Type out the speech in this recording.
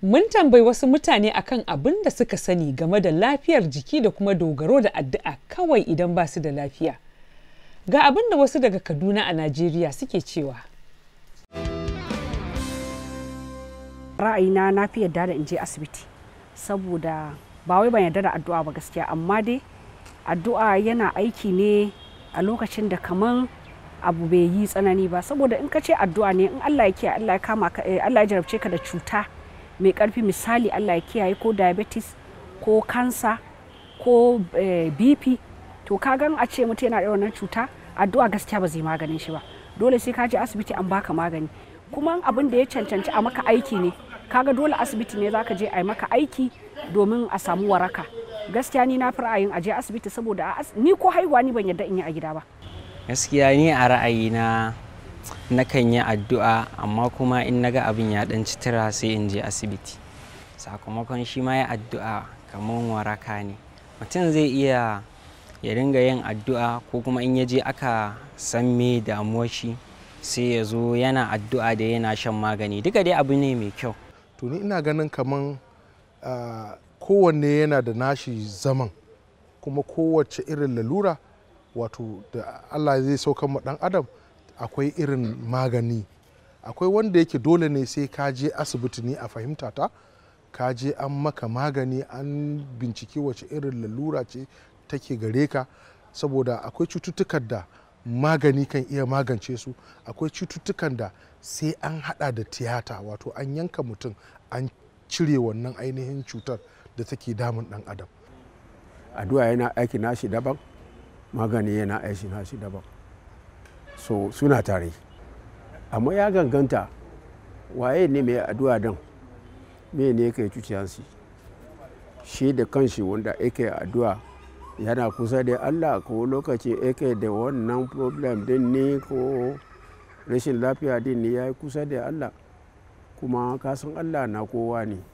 Mun tambayi wasu mutane akan abin da suka sani game da lafiyar jiki da kuma dogaro da addu'a kawai idan ba su da lafiya. Ga abin da wasu daga Kaduna a Najeriya suke cewa. Ra'ayina na fi yarda da in je asibiti saboda ba wai ban yarda da addu'a ba gaskiya amma dai addu'a yana aiki ne a lokacin da kaman abu bai yi tsanani ba saboda in ka ce addu'a ne in Allah ya Allah ya kama ka eh, Allah ya jarabce ka da cuta mai karfi misali allah ya kiyaye ko diabetes ko kansa ko eh, bp to ka gan a ce mutum yana da wannan cuta addu'a gaskiya ba zai maganin shi ba dole sai ka je asibiti an baka magani kuma abin da ya cancanci a maka aiki ne kaga dole asibiti ne zaka je a maka aiki domin a samu waraka gaskiya ni na fi ra'ayin je asibiti saboda ni ko haihuwa ni ban yarda in yi a gida ba gaskiya ni a na. nakan yi addu'a amma kuma in naga abin ya dan citira sai in je asibiti sakamakon shi ma ya addu'a kamar waraka ne mutum zai iya ya ringa yin addu'a ko kuma in ya je aka san me damuwar shi sai ya zo yana addu'a da yana shan magani duka dai abu ne mai kyau to ni ina ganin kamar kowanne yana da nashi zaman kuma kowace irin lalura wato da allah zai saukan ma dan adam akwai irin magani akwai wanda yake dole ne sai ka je asibiti ne a fahimta ta ka je an maka magani an bincike wace irin lalura ce take gare ka saboda akwai cututtukan da magani kan iya magance su akwai cututtukan da sai an hada da tiyata wato an yanka mutum an cire wannan ainihin cutar da take damun dan adam addu'a yana aiki nashi daban magani yana aiki nashi daban so suna tare amma ya ganganta waye ne mai addu'a don me ne ka yi cuciyansu shi da kanshi wanda yake addu'a yana kusa da allah ko lokaci yake da wannan problem din ne ko rashin lafiya din ne ya yi kusa da allah kuma kasan allah na kowa ne